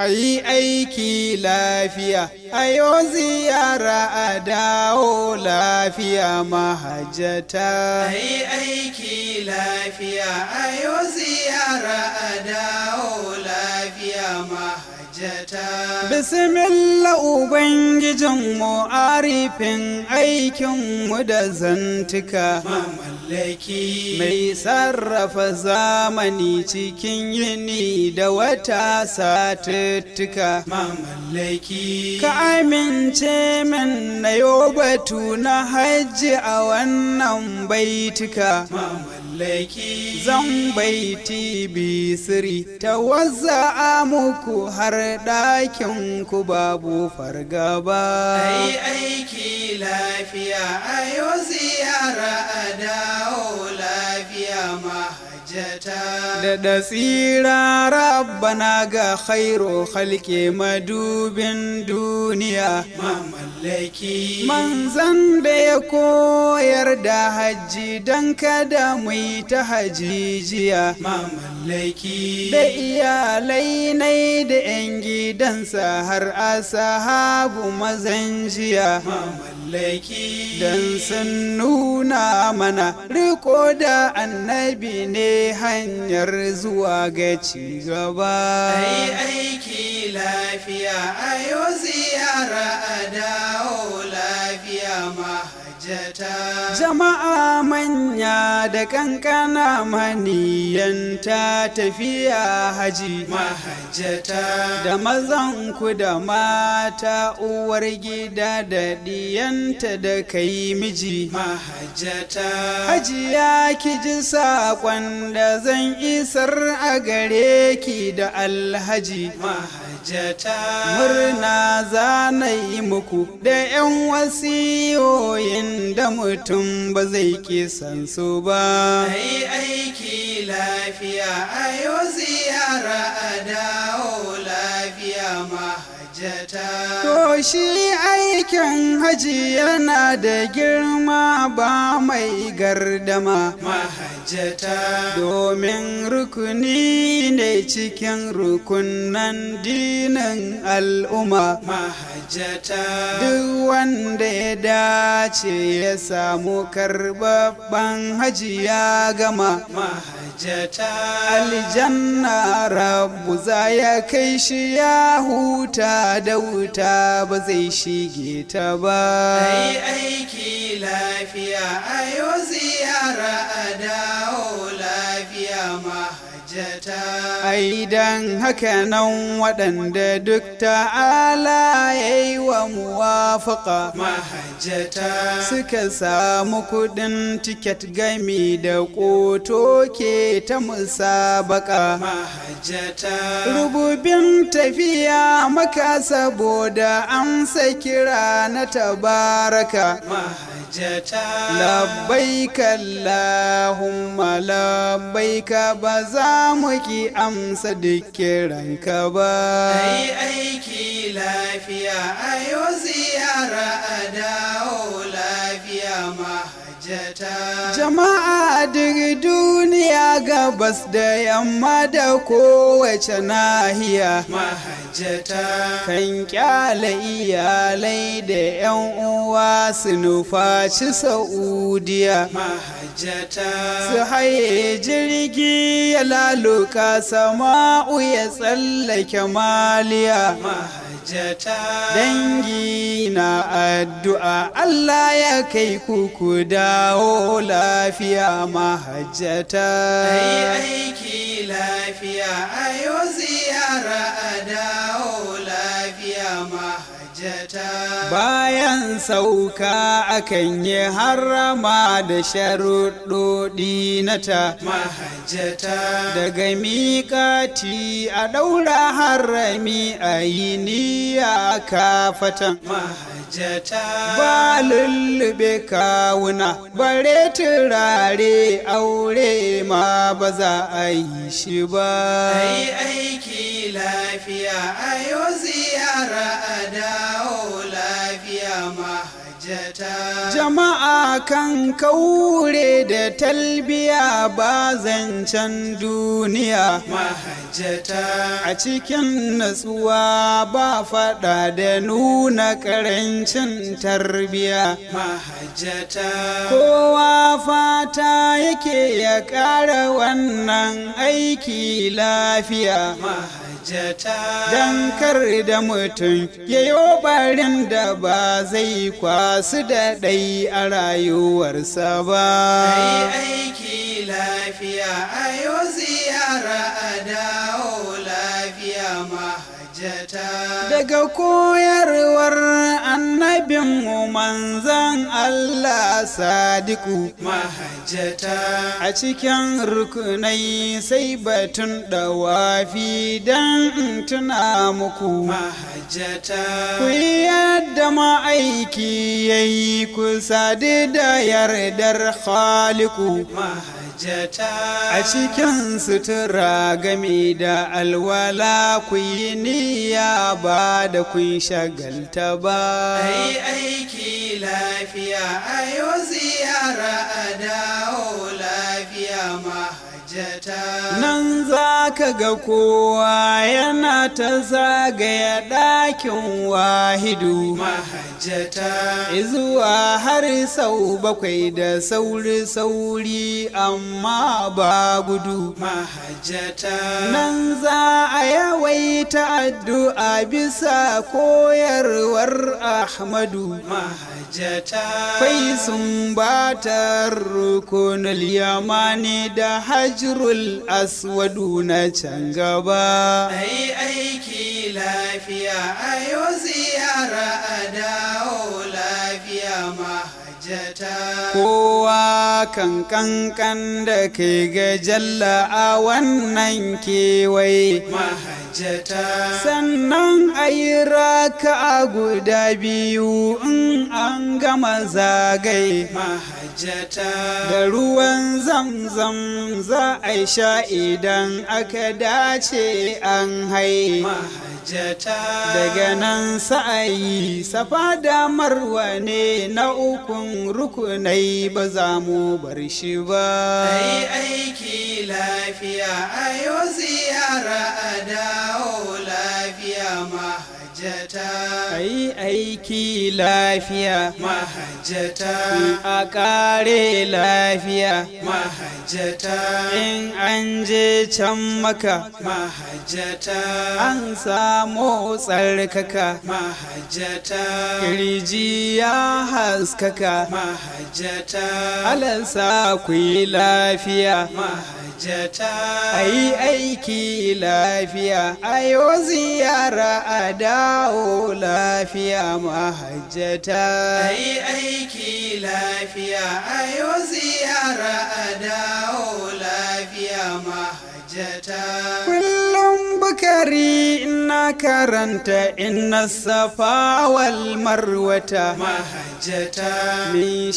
A yi aiki lafiya, a yi ziyara a dawo lafiya mahajjata. A yi aiki lafiya, a ziyara a dawo lafiya mahajjata. Bismillah Ubangijinmu arifin aikinmu da zantuka. mai sarrafa zamani cikin yini da wata satuttuka. ka amince min na batu na hajji a wannan baituka. Mamalaki. laiki zan baiti bisiri ta wazza muku har ɗakin ku babu fargaba ai aiki lafiya ayo ziyara a da da tsira rabbana ga khairu halke madubin duniya mamallaki manzan da ya koyar da hajji don kada mu yi ta hajijiya mamallaki da iyalai nai da 'yan gidansa har a sahabu mazan jiya mamallaki don sun nuna mana riko da annabi ne hanyar zuwa ga gaba. ai aiki lafiya ayo ziyara a dawo lafiya ma jama'a manya da kankana maniyanta tafiya haji mahajjata da mazan ku da mata uwar gida da diyanta da kai miji mahajjata ya ki ji saƙon da zan isar a gare ki da alhaji mahajjata ta murna za na yi muku da 'yan wasiyoyin da mutum ba zai ke san su ba ai aiki lafiya a yau ziyara a da To shi aikin haji yana da girma ba mai gardama mahajjata domin rukuni ne cikin rukunan dinan al'umma mahajjata duk wanda ya dace ya samu karbabban haji ya gama mahajjata aljanna rabu za ya kai shi ya huta da wuta ba zai shige ta ba ai aiki lafiya ayo ziyara a dawo aidan hakanan haka nan waɗanda duk ta'ala ya yi wa muwafaƙa mahajjata suka samu kuɗin tiket gami da ƙoto ke ta musabaka mahajjata rububin tafiya maka saboda an kira na tabaraka mahajjata labbaika Allahumma labbaika ba za amsa dukkan ranka ba. Ai aiki lafiya, ayo ziyara a dawo. jama'a duk duniya gabas da yamma da kowace nahiya mahajjata kan kyale iyalai da yan uwa su nufaci sa'udiya mahajjata su haye jirgi ya laluka sama'u ya tsallake maliya mahajjata dangi na addu'a Allah ya kai ku ku dawo lafiya mahajjata ai aiki lafiya ayo bayan sauka akan yi harama da sharuɗoɗi na ta mahajjata daga miƙati a ɗaura harami a yi niyya kafatan mahajjata ba lullube kawuna bare turare aure ma ba za a yi shi ba aiki lafiya a yau ziyara a da jama'a kan kaure da talbiya ba zancen duniya a cikin natsuwa ba fada da nuna karancin tarbiya kowa fata yake ya ƙara wannan aiki lafiya don kar da mutum ya yi barin da ba zai kwasu da ɗai a rayuwarsa ba. Ai aiki lafiya daga koyarwar annabin manzan Allah sadiku mahajjata a cikin rukunai sai batun dawafi dan tuna muku mahajjata ku yadda ma'aiki yayi ku sadi da yardar khaliku mahajjata jata a cikin sutura gami da alwala ku yi niyya ba da kun shagalta ba ai aiki lafiya ayo ziyara a dawo lafiya ma. nan za ka ga kowa yana ta zagaya ɗakin wahidu mahajjata zuwa har sau bakwai da sauri-sauri amma ba gudu nan za a yawaita addu'a bisa koyarwar ahmadu kai sumbatar rukunul yamani da hajrul aswadu na can gaba ai aiki lafiya ayo ziyara a dawo lafiya mahajjata kowa kan kankan da kai ga jalla a wannan kewaye mahajjata hajjata sannan ayi raka guda biyu in an gama zagai mahajjata da ruwan zamzam za a sha idan aka dace an hai jata daga nan sa'ayi safa da marwa ne na ukun rukunai ba za mu bar shi ba ai aiki lafiya ayo ziyara a dawo lafiya ma mahajjata ai aiki lafiya mahajjata a kare lafiya mahajjata in an je can maka mahajjata an samo tsarkaka mahajjata kirji ya haskaka mahajjata alansa ku yi lafiya mahajjata ai aiki lafiya ayo ziyara a dawo lafiya mahajjata ai aiki lafiya ayo ziyara a dawo lafiya mahajjata bakari na karanta inna safa wal marwata mahajjata min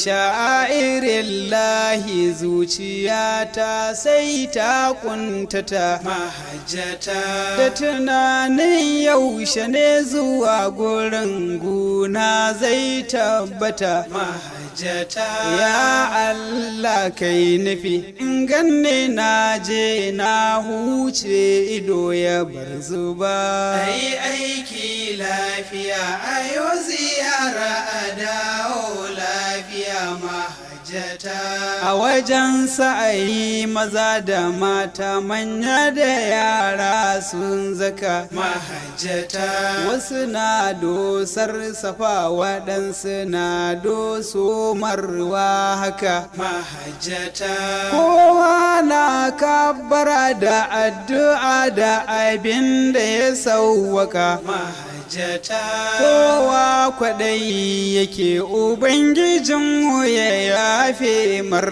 lahi zuciyata sai ta kuntata mahajjata da tunanin yaushe ne zuwa gurin guna zai tabbata mahajjata hajjata ya Allah kai nufi in ganne na je na huce ido ya bar zuba ai aiki lafiya ayo ziyara a dawo lafiya ma a wajen sa'ayi maza da mata manya da yara sun zaka mahajjata wasu na dosar safa waɗansu na doso marwa haka mahajjata kowa na kabbara da addu'a da abin da ya sauwaka mahajjata jata kowa kwaɗayi yake ubangijinmu ya yafe mar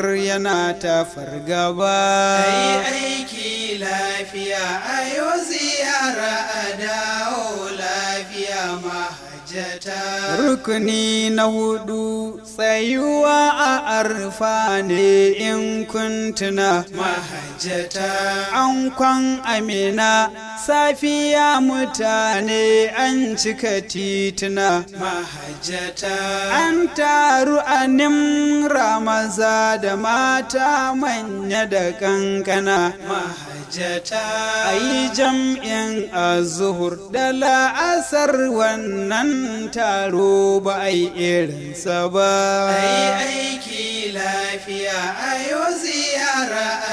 ta fargaba ai aiki lafiya a yau ziyara Rukuni na hudu tsayuwa a arfa ne in kuntuna mahajjata. An kwan amina safiya mutane an cika tituna mahajjata. An taru a nimra maza da mata manya da kankana mahajjata. hujjata ayi jam'in azuhur da la'asar wannan taro ba a yi irinsa ba yi aiki lafiya ayo ziyara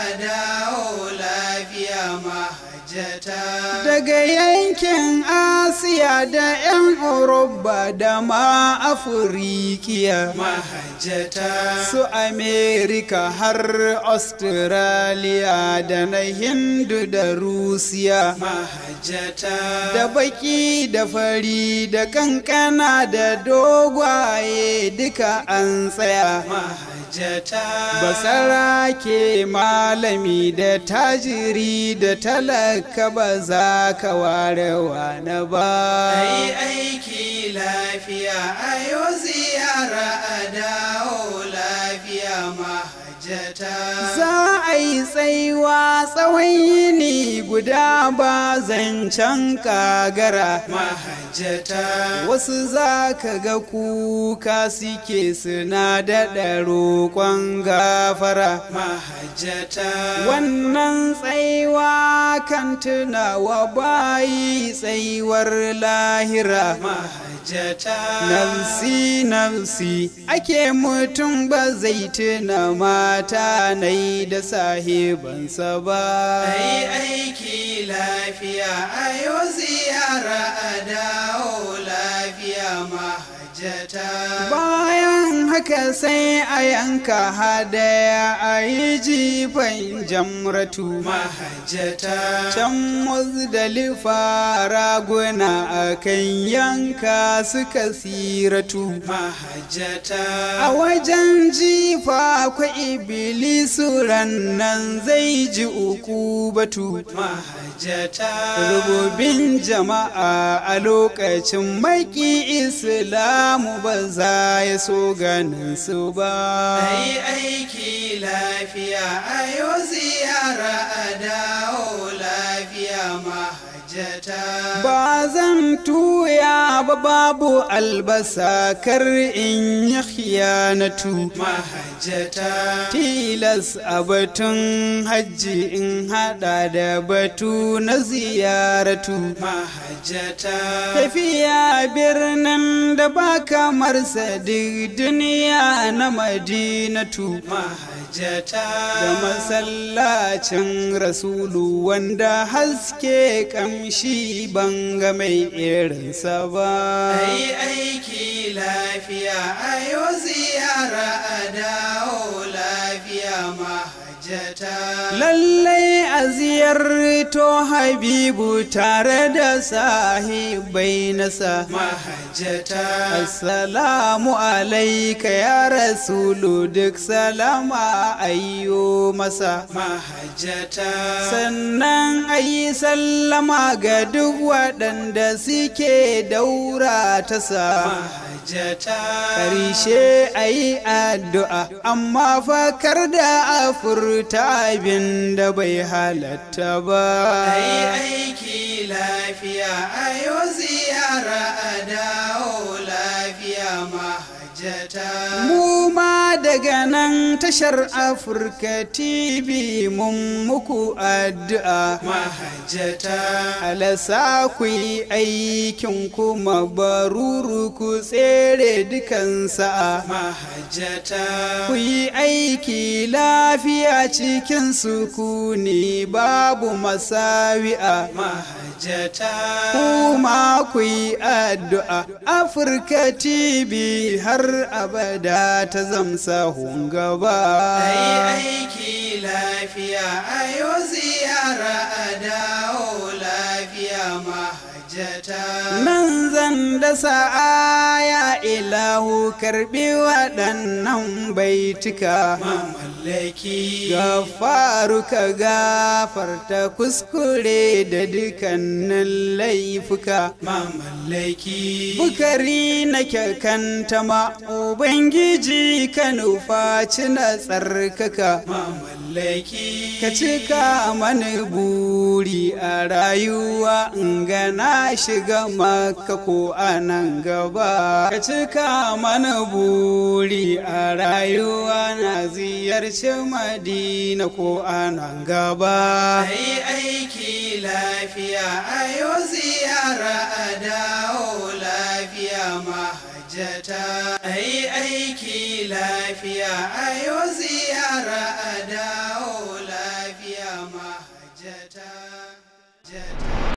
daga yankin asiya da 'yan Uroba da ma afirikiya su amerika har australia da na hindu da rusiya da baki da fari da kankana da dogwaye duka an tsaya basara ke malami da tajiri da talaka ba za ka ware na ba ai aiki lafiya ayo ziyara a dawo lafiya mahajjata Ai tsaiwa tsawon yini guda ba zancen kagara mahajjata wasu za ka ga kuka suke suna daɗa roƙon gafara mahajjata wannan tsaiwa kan tunawa bayi tsaiwar lahira mahajjata nafsi nafsi ake mutum ba zai tuna mata na yi da sa sa ba. Ai aiki lafiya, ayo ziyara a dawo lafiya ma. bayan haka sai a yanka hadaya a yi jifan jamratu mahajjata can muzdalifa raguna a kan yanka suka siratu mahajjata a wajen jifa akwai ibilisu rannan zai ji uku batu mahajjata rububin jama'a a lokacin maki islam mu ba za ya so ganin su ba. Ai aiki lafiya, ayo ziyara a dawo lafiya ma. bazan tuya ba babu albasa kar in yi khiyanatu mahajjata tilas a batun hajji in hada da batu na ziyaratu tafiya birnin da ba kamar duk duniya na madinatu mahajjata da masallacin rasulu wanda haske kamshi banga mai irinsa ba ai aiki lafiya ayo ziyara a dawo lafiya mahajjata lallai a ziyarto habibu tare da sahibai nasa mahajjata assalamu alaika ya rasulu duk salama ayyo masa mahajjata sannan ayi sallama ga duk waɗanda suke daura ta sa hujjata a ayi addu'a amma fakar da a furta abin da bai halatta ba ayi aiki lafiya ayo ziyara a da daga nan tashar Afirka TV mun muku addu'a. Mahajjata. Alasa ku yi aikin kuma baruru ku tsere dukan sa'a. Mahajjata. Ku yi aiki lafiya cikin sukuni babu masawi'a. Mahajjata. Kuma ku yi addu'a. Afirka TV har abada ta zama. sahun gaba aiki lafiya ayo ziyara a dawo lafiya mahajjata nan zan da sa'a ilahu karbi waɗannan baitika mamallaki gafaru ka gafarta kuskure da dukannin laifuka mamallaki bukari na kyakanta ma ubangiji ka nufaci na tsarkaka ka cika mani buri a rayuwa in gana shiga maka ko a nan gaba ka cika mani buri a rayuwa na ziyarci madina ko a nan gaba ai aiki lafiya a ziyara a dawo lafiya mahajjata a yi aiki lafiya a yau ziyara a dawo